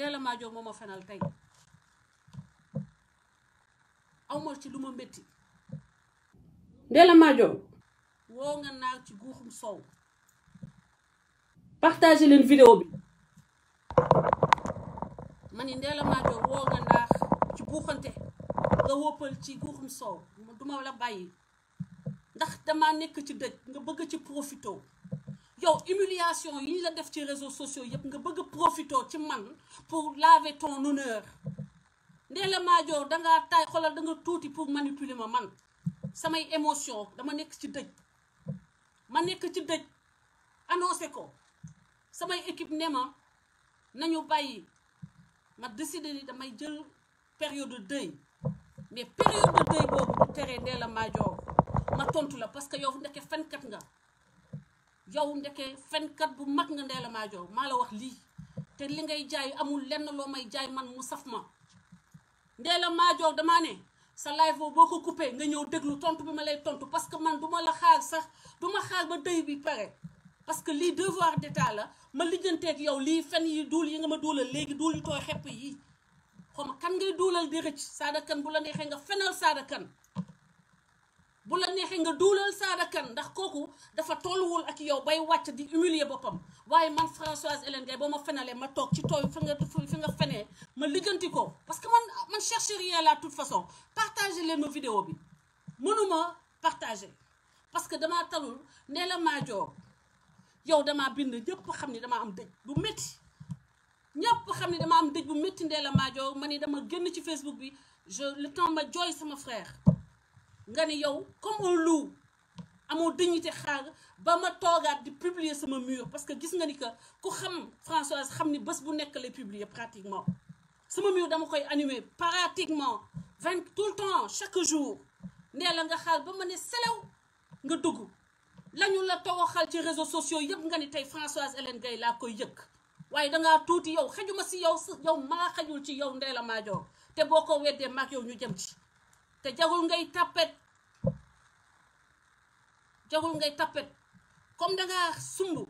Ndella Madior moo ma fenal tey awma ci lu ma métti Ndella woo nga naag ci guuxum soow partagé leen vidéo bi ma ni Ndella Madior naax ci guuxante nga wóppal ci guuxum soow duma la bàyyi ndax dama nekk ci dëj nga bëgg ci profito yow humiliation yi ñu la def ci réseaux sociaux yëpp nga bëgg a profité ci man pour laver ton honneur Ndella Madior dangaa tay xoolal da nga tuuti pour manipuler ma man samay émotion dama nekk ci dëj ma nekk ci dëj annoncé ko samay équipe ne ma nañu bàyyi ma décidé ni damay jël période de deuil mais période de deuil boobu bu teree Ndella Madior ma tontu la parce que yow ndeke fenkat nga yow ndeke fenkat bu mag nga Ndella Madior maa la wax lii te li ngay jaay amul lenn loo may jaay man mu saf ma Ndella Madior damaa ne sa live boo ko coupé nga ñëw déglu tontu bi ma lay tontu parce que man du ma la xaar sax du ma xaar ba dëy bi pare parce que lii devoir d'état la ma lijjanteeg yow lii fen yi duul yi nga ma duulal léegi duul yi tooy xepp yi xaw ma kan ngay duulal di rëcc Sada bu la neexee nga fenal Sada Kane bu la neexee nga duulal Sada kooku dafa tolluwul ak yow bay wàcc di humilier boppam waaye man Françoise Hélène Gaye boo ma fenalee ma toog ci tooy fi nga fi nga ma lijjanti ko parce que man man cherche rien la toute façon partagé leen ma vidéo bi mënuma partagé parce que damaa talul nee la maa yow damaa bind ñëpp xam ni dama am dëj bu métti ñëpp xam ni dama am dëj bu métti ndee la maa ma ni dama génn ci Facebook bi je le temps ma jooy sama frère nga ni yow comme un amoo dignité xaar ba ma toogaat di publier sama mur parce que gis nga ni que ku xam Françoise xam ni bés bu nekk lay publier pratiquement sama mur dama koy animer pratiquement vingt tout le temps chaque jour ndee la nga xaar ba ma ne selew nga dugg lañu la togoxal ci réseaux sociaux yëpp nga ni tey Françoise Hélène Gaye laa koy yëg waaye dangaa tuuti yow xajuma si yow si yow maa xajul ci yow ndee la maajoor te boo ko weddee maag yow ñu jëm ci te jagul ngay tàppet taxul ngay tappet comme dangaa sumb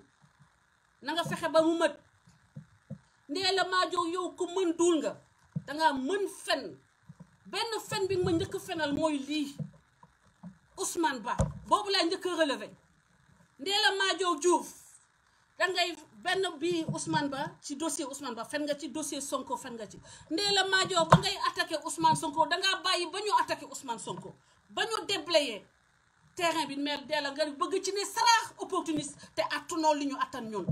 na nga fexe ba mu mët ndee la maajow yow ku mën duul nga dangaa mën fen benn fen bi nga ma njëkk fenal mooy lii Ousmane Ba boobu laa njëkk a relevé ndee la maajow Diouf dangay benn bii Ousmane Ba ci dossier Ousmane Ba fen nga ci dossier Sonko fen nga ci ndee la maajow ba ngay attaqué Ousmane Sonko dangaa bàyyi ba ñu attaqué Ousmane Sonko ba ñu déblayé terrain bi mee dee la nga bëgg ci ne saraax opportuniste te attunoo li ñu attan ñun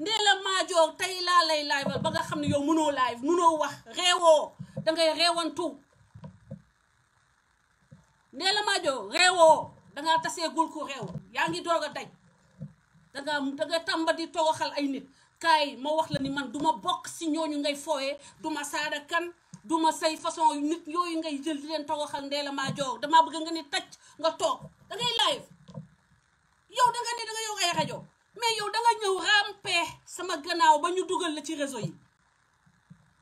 ndee la maajoor tey laa lay live ba nga xam ne yow mënoo live mënoo wax réewoo dangay tu ndee la maajoor réewoo danga tasee gul ku réew yaa ngi doog a daj danga danga tàmba di xal ay nit kaay ma wax la ni man duma bokk si ñooñu ngay fooyee duma saada kan duma say façon nit yooyu ngay jël di leen toroxal ndee la maajoor damaa bëgg nga ni taj nga toog da ngay live yow da nga ne da nga yow ay rajo mais yow da ñëw rampe sama gannaaw ba ñu dugal la ci réseau yi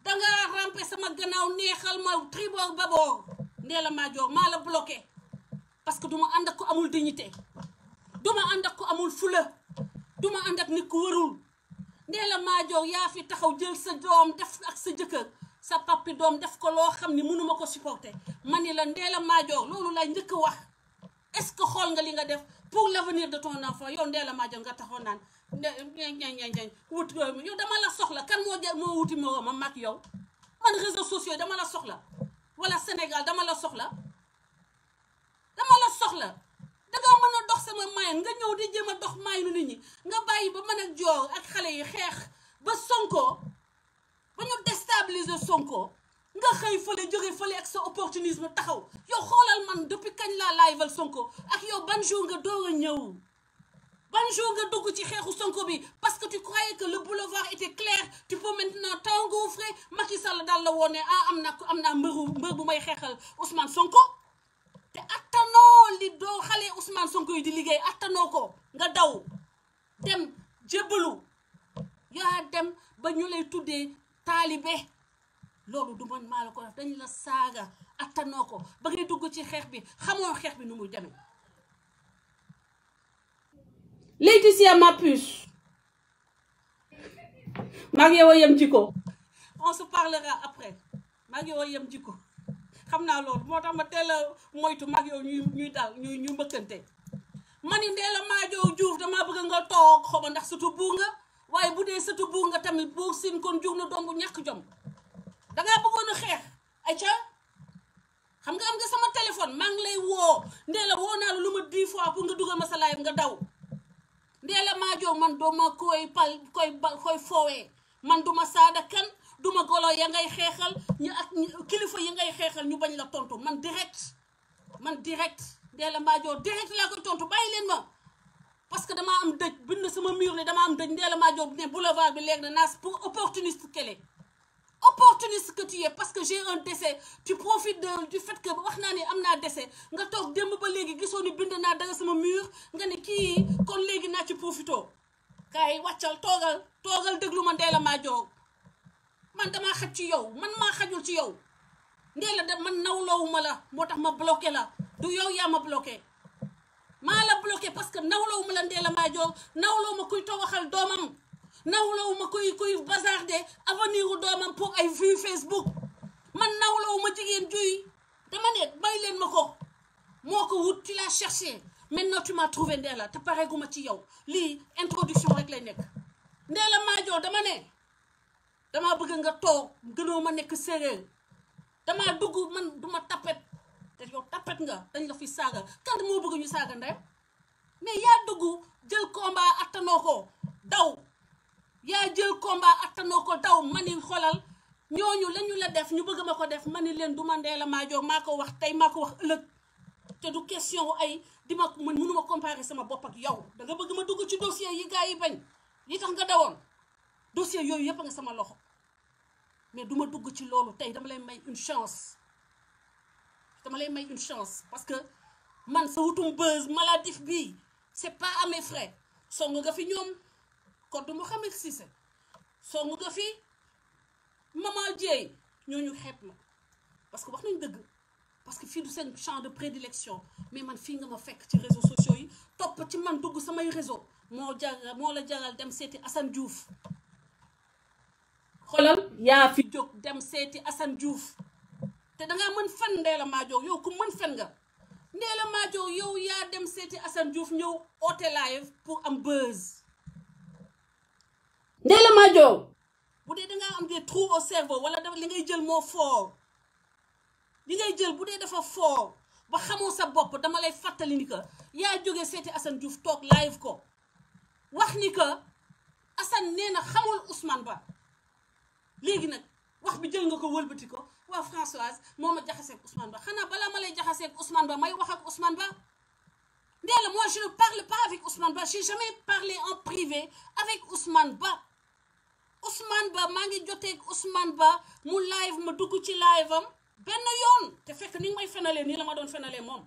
da nga rampe sama gannaaw neexal ma tribord babord ndee la maa joor maa la bloqué parce que du ma ànd ak ko amul di du ma ànd ak ko amul fula du ma ànd ak nit ku warul ndee la maa yaa fi taxaw jël sa doom def ak sa jëkkër sa papi doom def ko loo xam ni mënuma ko supporter ma ni la ndee la maa joor loolu lay njëkk wax est-ce que xool nga li nga def pour l'avenir de ton enfant yow Ndella Madior nga taxoon naan ñaññaññañ wut yow dama la soxla kan moo jël moo wuti moo ma mag yow man réseaux sociaux dama la soxla wala Sénégal dama la soxla dama la soxla dangaa mën a dox sama mayen nga ñëw di jéem dox mayenu nit ñi nga bàyyi ba mën a joor ak xale yi xeex ba Sonko ba ñu déstabiliser Sonko nga xëy fële jóge fële ak sa opportunisme taxaw yow xoolal man depuis kañ laa laayval Sonko ak yow ban nga door a ñëw ban jour nga dugg ci xeexu Sonko bi parce que tu croyais que le boulevard était clair tu peux maintenant t'engouffrer Macky Sall daal la woon ne ah am naa am naa mbëru mbër bu may xeexal Ousmane Sonko te attanoo li doo xale Ousmane Sonko yi di liggéey attanoo ko nga daw dem jébbalu yaa dem ba ñu lay tuddee taalibe loolu du man maa la ko def dañ la saaga attanoo ko ba ngay dugg ci xeex bi xamoo xeex bi nu muy demee Laetitia ma puce maa ngi yow a yem jikko on se parlera après maa ngi yow a yem jikko xam naa loolu moo tax ma teel a moytu mag yow ñuy ñuy daal ñuy ñu mbëkkante ma ni ndee la maajoo juuf dama bëgg nga toog xoma ndax sutu buur nga waaye bu dee sutu buur nga tamit buur sin kon juuf na doom bu ñàkk jom dangaa bëggoon a xeex ayca xam nga am nga sama téléphone maa lay woo ndee la woo naa la lu ma dix fois pour nga dugal ma sa nga daw ndee la maa man doo ma koy pal koy bal koy foowee man duma saada kan duma golo ya ngay xeexal ñu ak kilifa yi ngay xeexal ñu bañ la tontu man direct man direct ndee la maajoo jow direct laa koy tontu bàyyi leen ma parce que damaa am dëj bind sama mur ne damaa am dëj ndee la maa ne boulevard bi léegi na naas pour opportuniste kele opportuniste que tu parce que j'ai un décès tu profites de du fait que wax naa ni am naa décès nga toog démb ba léegi gisoo ni bind naa dara sama mur nga ne kii kon léegi naa ci profitoo kaay wàccal toogal toogal déglu ma Ndella Madior man damaa xaj ci yow man maa xajul ci yow Ndella da man nawlawuma la moo tax ma bloqué la du yow yaa ma bloqué maa la bloqué parce que nawlawuma la Ndella Madior nawlawuma kuy toogaxal doomam nawlawu ma koy koy bazarde avenir u doomam pour ay vue Facebook man nawlawu ma jigéen juy dama ne may leen ma ko moo ko wut tu l'as cherché maintenant tu m'as trouvé Ndella te pareegu ma ci yow lii introduction rek lay nekk Ndella Madior dama ne dama bëgg nga toog gënoo ma nekk séeréer dama dugg man duma tappet te yow tappet nga dañ la fi saaga kan moo bëgg ñu saaga ndey mais yaa dugg jël combat attanoo ko daw yaa jël combat attanoo ko daw mani xolal ñooñu lañu la def ñu bëgg ma ko def man ni leen du man dee Ndella Madior maa ko wax tey maa ko wax ëllëg te du question wu ay di ma man mënuma comparer sama bopp ak yow da nga bëgg ma dugg ci dossier yi gars yi bañ yi tam nga woon dossier yooyu yëpp nga sama loxo mais du ma dugg ci loolu tey dama lay may une chance dama lay may une chance parce que man sa wutum buzz maladif bii c'est pas à mes frais song nga fi ñoom kon koddu Mouhamed Cissé songu ko fi Maman Dieye ñooñu xeeb la parce que wax nañ dëgg parce que fii du seen champ de prédilection mais man fii nga ma fekk ci réseaux sociaux yi topp ci man dugg samay réseau moo jaral moo la jaral dem seeti Assane Diouf xoolal yaa fi jóg dem seeti Assane Diouf te dangaa mën fen Ndella Madior yow ku mën fen nga Ndella Madior yow yaa dem seeti Assane Diouf ñëw oote pour am buzz Ndella Madior bu dee dangaa am des trous au cerveau wala dafa li ngay jël moo fort li ngay jël bu dee dafa fort ba xamoo sa bopp dama lay fàttali ni que yaa jógee seeti Assane Diouf toog live ko wax ni que Assane nee xamul Ousmane Ba léegi nag wax bi jël nga ko wëlbati ko waa Françoise moo ma jaxaseeg Ousmane Ba xanaa balaa ma lay jaxaseeg Ousmane Ba may wax ak Ba Ndella moi je ne parle pas avec Ousmane Ba j'ai jamais parlé en privé avec Ousmane Ousmane Ba maa ngi jotee ak Ousmane Ba mu live ma dugg ci live am benn yoon te fekk ni nga may fenalee nii la ma doon fenalee moom.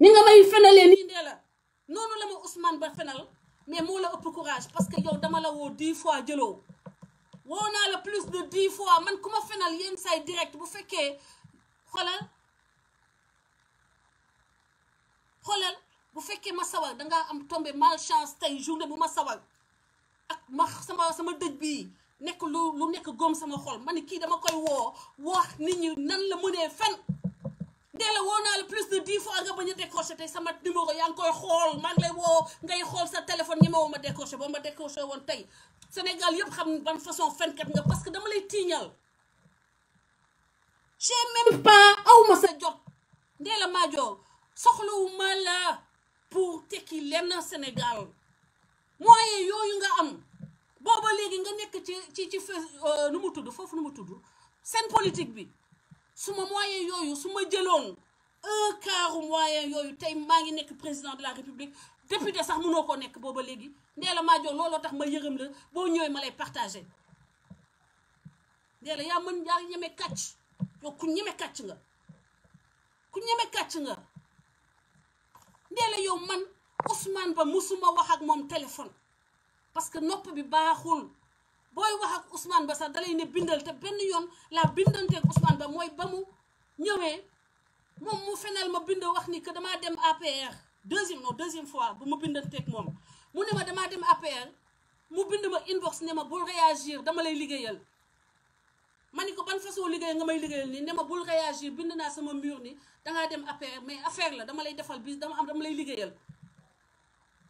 ni nga may fenalee nii dee la noonu la ma Ousmane Ba fenal mais moo la ëpp courage parce que yow dama la woo dix fois jëloo woo naa la plus de dix fois man ku ma fenal yenn say direct bu fekkee xoolal xoolal bu fekkee ma sawar dangaa am tombé malchance tey journée bu ma sawal ak ma sama sama dëj bii nekk lu nekk góom sama xol ma ne kii dama koy woo wax nit ñi nan la mënee fen ndee la woo naa la plus de dix fois nga bañ a décroché tey sama numéro yaa ngi koy xool maa lay woo ngay xool sa téléphone ñemewoo ma décroché ba ma décroché woon tey Sénégal yëpp xam ban façon fenkat nga parce que dama lay tiiñal j'ai même pas aw sa jot ndee la maa joor soxlawu tekki lenn Sénégal moyen yooyu nga am booba léegi nga nekk ci ci ci euh, nu mu tudd foofu nu mu tudd seen politique bi su ma moyen yooyu su ma jëloon un quart moyen yooyu tey maa ngi nekk président de la république député sax mënoo koo nekk booba léegi ndee la maa jox looloo tax ma yërëm la boo ñëwee ma lay partagé ndee la yaa mën yaa ñeme kàcc yow ku ñeme kàcc nga ku ñeme kàcc nga ndee la yow man Ousmane Ba musuma wax ak moom téléphone parce que nopp bi baaxul booy wax ak Ousmane Ba sax dalay ne bindal te benn yoon laa bindanteeg Ousmane Ba mooy ba mu ñëwee moom mu feneel ma bind wax ni que damaa dem APR deuxième non deuxième fois bu ma bindanteeg moom mu damaa dem APR mu bind ma inbox ne ma bul réagir dama lay liggéeyal ma ni ko ban façon liggéey nga may liggéeyal nii ne ma bul réagir bind naa sama mur ni dangaa dem APR mais affaire la dama lay defal bis dama am dama lay liggéeyal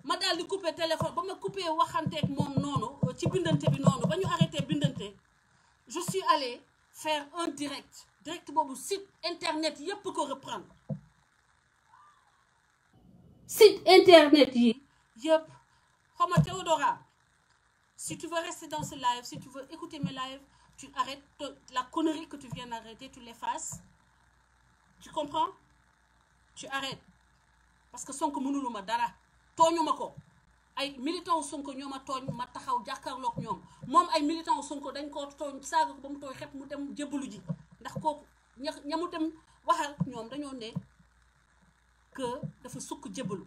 ma daal di coupé téléphone ba ma coupé waxanteeg moom noonu euh, ci bindante bi noonu ba ñu arrêté bindante je suis allée faire un direct direct boobu site internet yépp ko reprendre site internet yi yépp xawma Théodora si tu veux rester dans ce live si tu veux écouter mes lives tu arrêtes la connerie que tu viens d'arrêter tu l'effaces tu comprends tu arrêtes parce que Sonko ma dara tooñu ma ko ay militant Sonko ñoo ma tooñ ma taxaw jàkkarlook ñoom moom ay militant Sonko dañ koo tooñ saaga ko ba mu tooy xet mu dem jébbalu ji ndax kooku ña ña dem waxal ñoom dañoo ne que dafa sukk jébbalu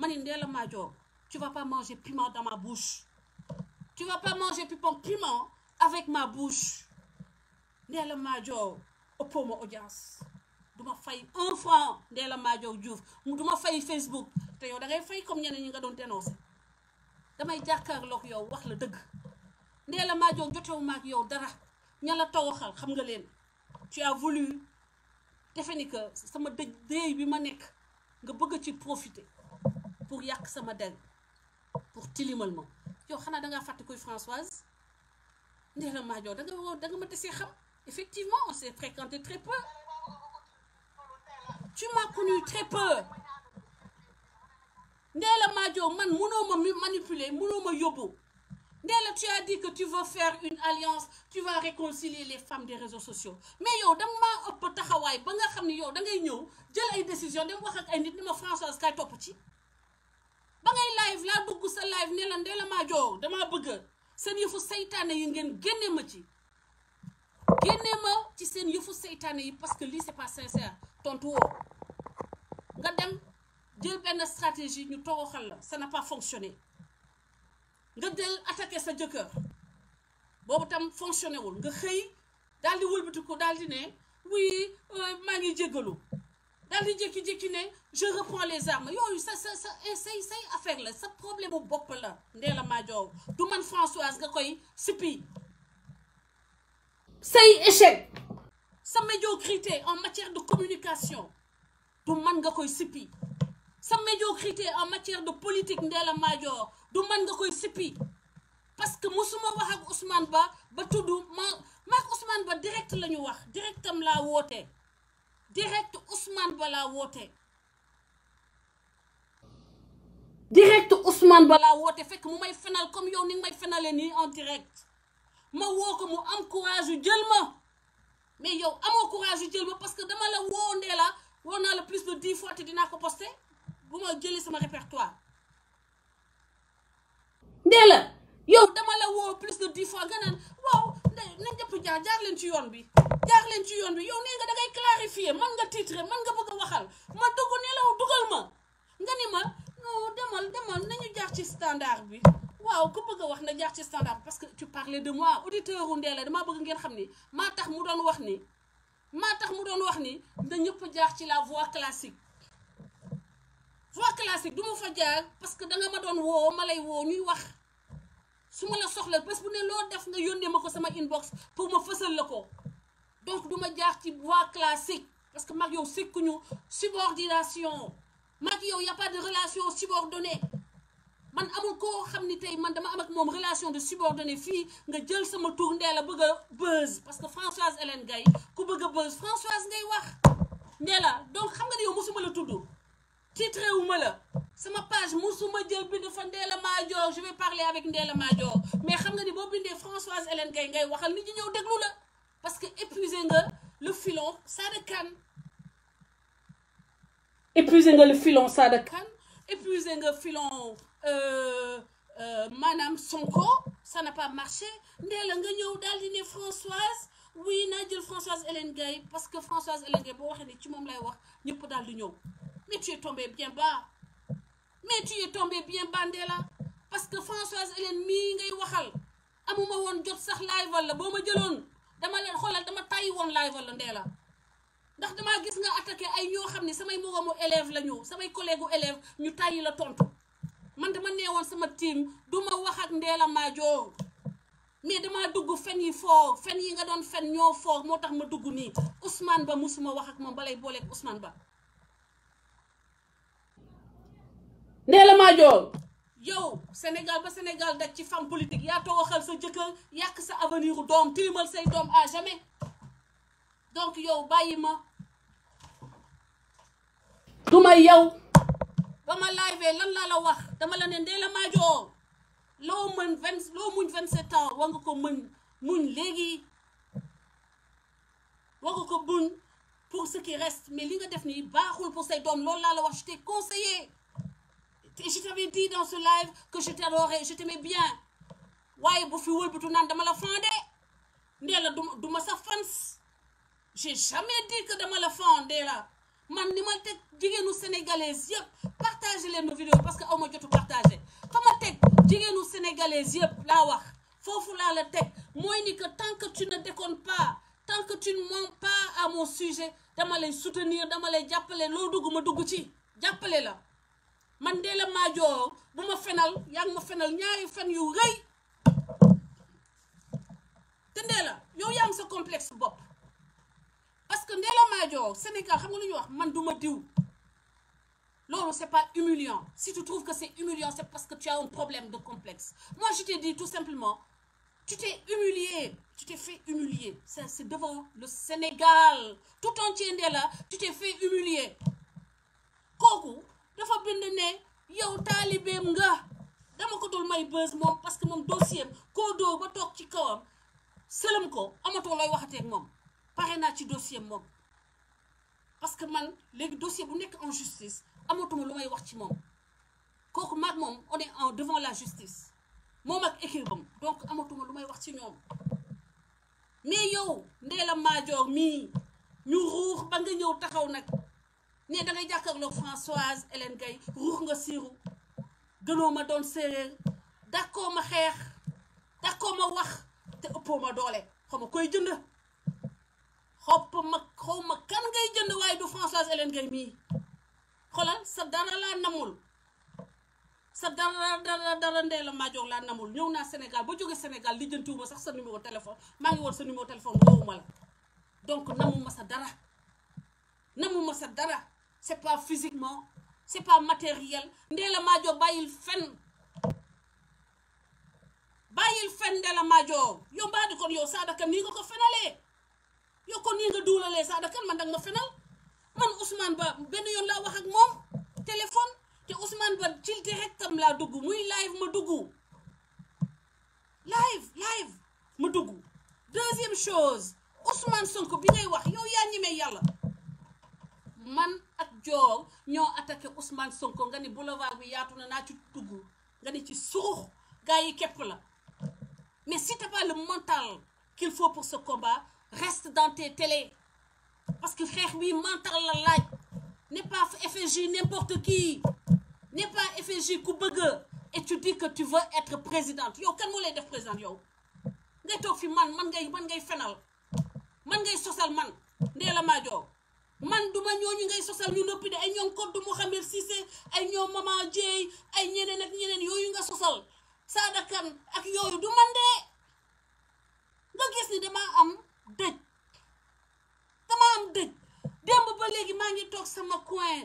mani ne Ndella Madior tu vas pas manger piment dans ma bouche tu pipon piment avec ma bouche Ndella Madior ëppoo ma audience duma fay un franc Ndella Madior Diouf duma fay Facebook te yow dangay ngay fay comme ñeneen ñi nga doon dénoncé damay jàkkaarloog yow wax la dëgg ndee la maa joog jotewu maak yow dara ña la towaxal xam nga leen tu as voulu defe ni sama dëj déey bi ma nekk nga bëgg ci profiter pour yàq sama del pour tilimal ma yow xanaa dangaa fàtte kuy Françoise ndee la maa joog da nga da nga ma desee xam effectivement on s'est fréquenté très peu tu m'as connu très peu Ndella Madior man mënoo ma manipuler mënoo ma yóbbu Ndella tu as dit que tu veux faire une alliance tu vas réconcilier les femmes des réseaux sociaux mais yow dama ëpp taxawaay ba nga xam ne yow dangay ñëw jël ay décision dem wax ak ay nit ni ma Françoise kay topp ci ba ngay live laa dugg sa live ne la Ndella Madior damaa bëgg seen yëfu seytaane yi ngeen génne ma ci génne ma ci seen yëfu saytaane yi parce que lii c'est pas sincère tontu woo nga jël benn stratégie ñu toroxal la sa n'a pas fonctionné nga del attaqué sa jëkkër boobu tam fonctionné wul nga xëy daal di ko daal di ne oui euh, maa ngi jéggalu daal di jékki-jékki ne je reprends les armes yooyu sa sa sa say say affaire la sa problème bu bopp la ndee la maa du man Françoise nga koy sippi say échec sa médiocrité en matière de communication du man nga koy sippi sa médiocrité en matière de politique Ndella Madior du man nga koy sippi parce que musuma wax ak Ousmane Ba ba tudd ma maak Ousmane Ba direct la wax directam woote direct Ousmane Ba laa woote direct Ousmane Ba laa woote fekk mu may fenal comme yow ni nga may fenalee nii en direct ma woo ko mu am courage yu jël ma mais yow amoo courage yu jël ma parce que dama la woo Ndella woo naa la plus de dix fois te dinaa ko posté laa sama répertoire ndee la yow dama la woo plus de dix fois nga naan waaw nañ jëpp jaar jaar leen ci yoon bi jaar leen ci yoon bi yow nee nga da ngay clarifier man nga titre man nga bëgg a waxal ma dugg ne la ma nga ni ma non demal demal nañu jaar ci standard bi waaw ku bëgg a wax na jaar ci standard parce que ci parlais de mois auditeur u ndee la damaa bëgg ngeen xam ni maa tax mu doon wax ni ma tax mu doon wax ni na ñëpp jaar ci la voie classique voie classique du ma fa jaar parce que danga ma doon woo ma lay woo ñuy wax su ma la soxla parce bu ne loo def nga yónnee ma ko sama inbox pour ma fësal la ko donc du ma jaar ci voie classique parce que mag yow ñu sekkuñu subordination mag yow y a pas de relation subordonnée man amul koo xam ni tey man dama am ak moom relation de subordonnée fii nga jël sama tour ndee la bëgg a buzz parce que Françoise Hélène Gaye ku bëgg a buzz Françoise ngay wax ndee yow mosuma la tudd titré wu ma la sama page musuma jël bind fa Ndella Madior je vais parler avec Ndella Madior mais xam nga ni boo bindee Françoise Hélène Gaye ngay waxal nit ñi ñëw déglu la parce que épuisé nga le filon Sada Kane épuisé nga filon Sada Kane épuisé nga filon euh, euh, maanaam Sonko ça n'a pas marché Ndella nga ñëw daal di ne Françoise oui naa jël Françoise Hélène Gaye parce que Françoise Hélène Gaye boo waxee ni ci moom lay wax ñëpp daal di ñëw Mais tu es tombé bien bas. Mais tu es bien bas, Ndella. parce que Françoise Hélène mii ngay waxal amuma woon jot sax live la boo ma jëloon dama leen xoolal dama tàyyi woon live la Ndella ndax damaa gis nga attaqué ay yoo xam ne samay moroomu élève la ñu samay collègue élève ñu tàyyi la tontu man dama woon sama team duma wax ak Ndella Madior mais damaa dugg fen yi foog fen yi nga doon fen ñoo foog moo tax ma dugg nii Ousmane Ba musuma wax ak moom balay booleeg Ousmane Ba Ndella Madior yow Sénégal ba Sénégal daj ci femme politique yaa toogaxal sa jëkkër yàq sa avenir doom tilimal say doom à jamais donc yow bàyyi ma du ma yow ba ma live lan laa la wax dama la ne Ndella Madior loo muñ vingt sept nga ko mën muñ léegi war nga ko muñ pour ce qui reste mais li nga def nii baaxul pour say doom loolu laa la wax je t'ai conseillé et je t'avais dit dans ce live que je t'adorais je t'aimais bien waaye bu fi wëlbatu naan dama la fondé Ndella du ma du ma sa fans j'ai jamais dit que dama la fondé la man ni ma teg jigéenu sénégalaise yëpp partagé leen ma vidéo parce que aw ma jotu partagé fa ma teg jigéenu sénégalaise yëpp laa wax foofu laa la teg mooy ni que tant que tu ne déconnes tant que tu ne mens à mon sujet dama lay soutenir dama lay jàppale loo dugg ma dugg ci jàppale la. man dee la maajoo bu ma fenal yaa ngi ma fenal ñaari fen yu rëy te ndee la yow yaa am sa complexe bopp parce que ndee la maajoo Sénégal xam nga lu ñuy wax man duma diw loolu c'est pas humiliant si tu trouves que c'est humiliant c'est parce que tu as un problème de complexe moi je t'ai dit tout simplement tu t'es humilié tu t'es fait humilier c'est devant le Sénégal tout entier ndee la tu t'es fait humilier kooku dafa bind ne yow taalibeem nga dama ko dul may bës moom parce que moom dossier koo doo ba toog ci kawam sëlëm ko amatoo looy waxateeg moom pare naa ci dossier moom parce que man léegi dossier bu nekk en justice lu may wax ci moom kooku maag moom on est en devant moom ak équipe bam donc amatuma lu may wax ci ñoom mais yow ndee la maajoor mii ñu ruux ba nga ñëw taxaw nag ne da ngay jàkkaarloog Françoise Hélène Gueye ruux nga siiru gënoo ma doon séeréer dàkkoo ma xeex dàkkoo wax te ëppoo doole xaw koy jënd xopp ma ma kan ngay jënd waaye du Françoise Hélène mii xolal sa dara laa namul sa dara dara dara ndee la maa laa namul ñëw naa Sénégal ba jóge Sénégal lijjantiwuma sax sa numéro téléphone maa ngi woon sa numéro téléphone woowuma la donc namuma sa dara namuma sa dara c'est pas physiquement c'est pas matériel Ndella Madior bàyyil fen bàyyil fen Ndella Madior yow mbaa di kon yow Sada nii nga ko fenalee yow kon nii nga duulalee Sada Kane man danga ma fenal man Ousmane Ba benn yoon laa wax ak moom téléphone te Ousmane Ba ci direct tam laa dugg muy live ma dugg live live ma dugg deuxième chose Ousmane Sonko bi ngay wax yow yaa ñemee yàlla man ak joor ñoo attaqué Ousmane Sonko nga ni boulevard bi yaatu na naa ci dugg nga ni ci suux gars yi képp la mais si t'as pas le mental qu'il faut pour ce combat reste dans tes télé parce que xeex bi mental la laaj n'est pas FFJ n'importe qui n'est pas FFJ ku bëgg et tu dis que tu veux être présidente yow kan moo lay def présidente yow ngay toog fi man man ngay man ngay fenal man ngay sosal man ndee la maa man duma ñooñu ngay sosal ñu noppi de ay ñoom Koddu Mouhamed Cissé ay ñoom Maman Dieye ay ñeneen ak ñeneen yooyu nga sosal saadakan ak yooyu du man de nga gis ni damaa am dëj dama am dëj ba léegi maa ngi toog sama coin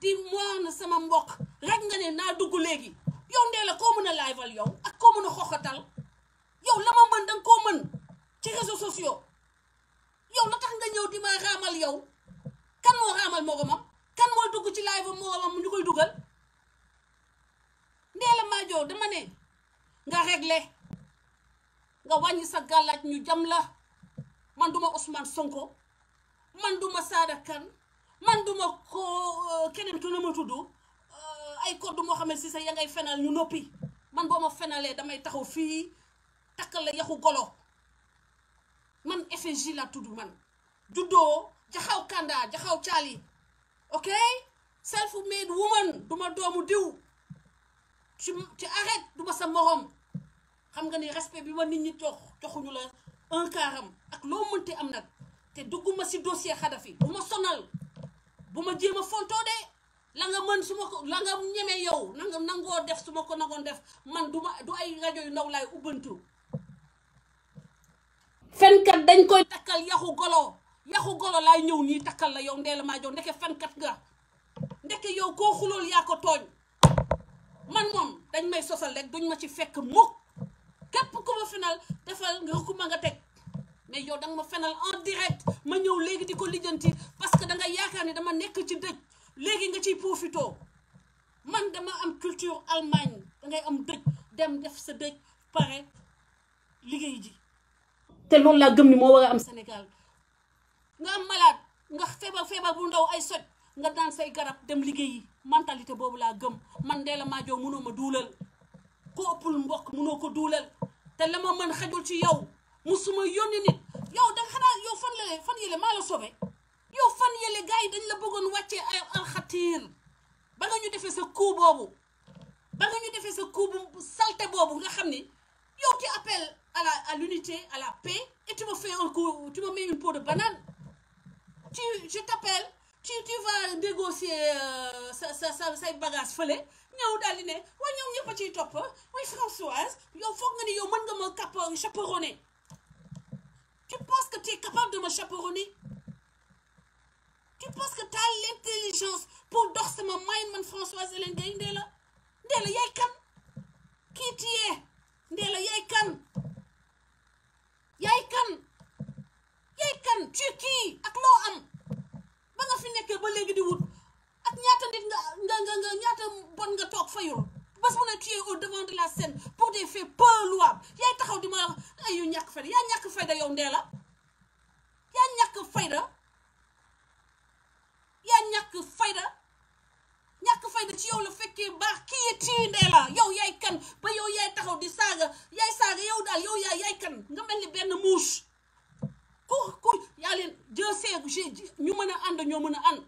di moon sama mbokk rek nga ne naa dugg léegi yow ndee la koo mën a laayval yow ak koo mën a xoxatal yow la ma mën danga koo mën ci réseaux sociaux yow la tax nga ñëw di ma raamal yow kan moo raamal moromam kan moo dugg ci live mu ñu koy dugal Ndella Madior dama ne nga réglé nga wàññi sa gàllaaj ñu jam la man duma Ousmane Sonko man duma Sada kan man duma ko euh, keneen tu na ma tudd euh, ay code moo xam ne si sax ya ngay fenal ñu noppi man boo ma fenalee damay taxaw fii takk la yaxu golo man FJ la tudd man juddoo jaxaw kanda jaxaw caali ok self made woman duma doomu diw ci ci arrête duma sa morom xam nga ni respect bi ma nit ñi jox joxuñu la un quart ak loo mënti am nag te dugguma si dossier Xadafi bu ma sonal bu ma jéem a fontoo de la nga mën suma ko la nga ñemee yow nanga nangoo def su ma ko nangoon def man du ma du ay rajo yu ndaw laay ubbantu fenkat dañ koy takkal yaxu golo waxu golo laay ñëw nii takkal la yow Ndella Madior ndeke fankat nga ndeke yow koo xulool yaa ko tooñ man moom dañ may sosal rek duñ ma ci fekk mukk képp ku ma fenal defal nga ku ma nga teg mais yow danga ma fenal en direct ma ñëw léegi di ko lijjanti parce que dangay yaakaar ni dama nekk ci dëj léegi nga ciy profitoo man dama am culture Allemagne dangay am dëj dem def sa dëj pare liggéey ji te loolu laa gëm ni moo war a am Sénégal nga am malade nga feebar feebar bu ndaw ay soj nga daan say garab dem liggéeyi mentalité boobu laa gëm man Ndella Madior mënoo ma duulal ko ëppul mbokk mënoo ko duulal te la ma man xajul ci yow musuma yónni nit yow da xanaa yow fan la fan yële maa la sobe yow fan yële gars yi dañ la bëggoon wàccee ay alxatiir ba nga ñu defee sa coup boobu ba nga ñu defee sa coup bu salte boobu nga xam ni yow ci appel à la à l'unité la paix et tu me fais un coup tu me tu je t'appelle tu tu négocier euh, sa sa sa say bagage fële ñëw daal di ne waaye ñoom ñëpp ciy topp waaye Françoise yow foog nga ni yow mën nga ma cap tu penses que tu capable de me chaperonner tu penses que tu as pour dox sama mayin man Françoise Hélène Gaye Ndella Ndella yaay kan kii tu es Ndella yaay kan yaay kan yaay kan tu kii ak loo am. ba léegi di wut ak ñaata nit nga nga nga ñaata bon nga toog fayul bés bu ne tu es devant de la scène pour des faits peu louables yaay taxaw di ma ay yu ñàkk fayda yaa ñàkk fayda yow fayda ci yow la fekkee baax kii tii ndee la yow yaay kan ba yow yaay taxaw di saaga yaay saaga yow daal yow yaay kan nga mel ni benn mouche ku ku yaa leen je sais ñu mën a ànd ñoo mën a ànd